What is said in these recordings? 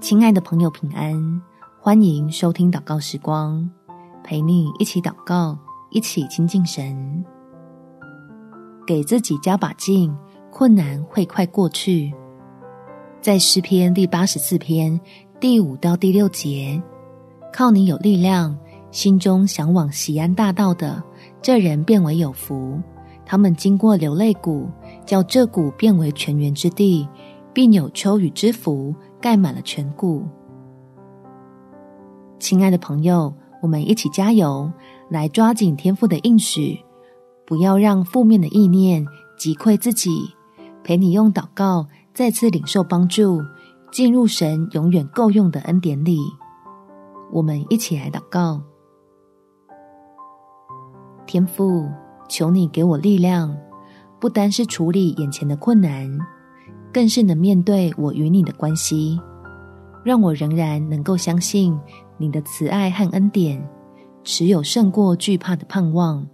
親愛的朋友，平安！歡迎收聽禱告時光，陪你一起禱告，一起親近神。給自己加把勁，困難會快過去。在詩篇第八十四篇第五到第六節，靠你有力量，心中想往錫安大道的，這人便為有福。他們經過流淚谷，叫這谷變為泉源之地，並有秋雨之福。蓋滿了全谷。親愛的朋友，我們一起加油，來抓緊天父的應許，不要讓負面的意念擊潰自己。陪你用禱告再次領受幫助，進入神永遠夠用的恩典裡。我們一起來禱告：天父，求你給我力量，不單是處理眼前的困難。更是能面對我與你的關係，讓我仍然能夠相信你的慈愛和恩典，持有勝過懼怕的盼望。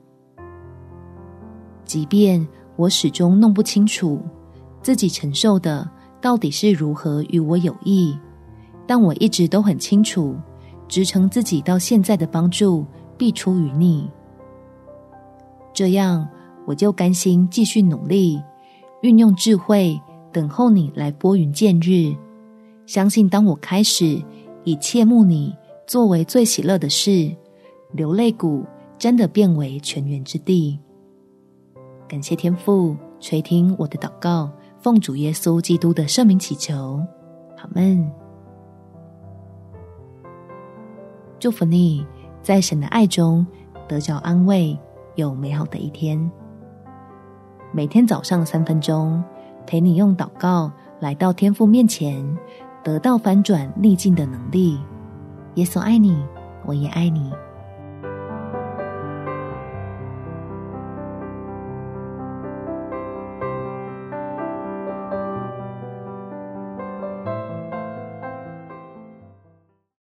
即便我始終弄不清楚，自己承受的到底是如何於我有益，但我一直都很清楚，支撐自己到現在的幫助必出於你。這樣，我就甘心繼續努力，運用智慧。等候你來撥雲見日。相信當我開始以切慕你作為最喜樂的事，流淚谷真的變為泉源之地。感謝天父垂聽我的禱告，奉主耶穌基督的聖名祈求，阿門。祝福你，在神的愛中得着安慰，有美好的一天。每天早上三分鐘。陪你用禱告來到天父面前，得到反轉逆境的能力。耶穌愛你，我也愛你。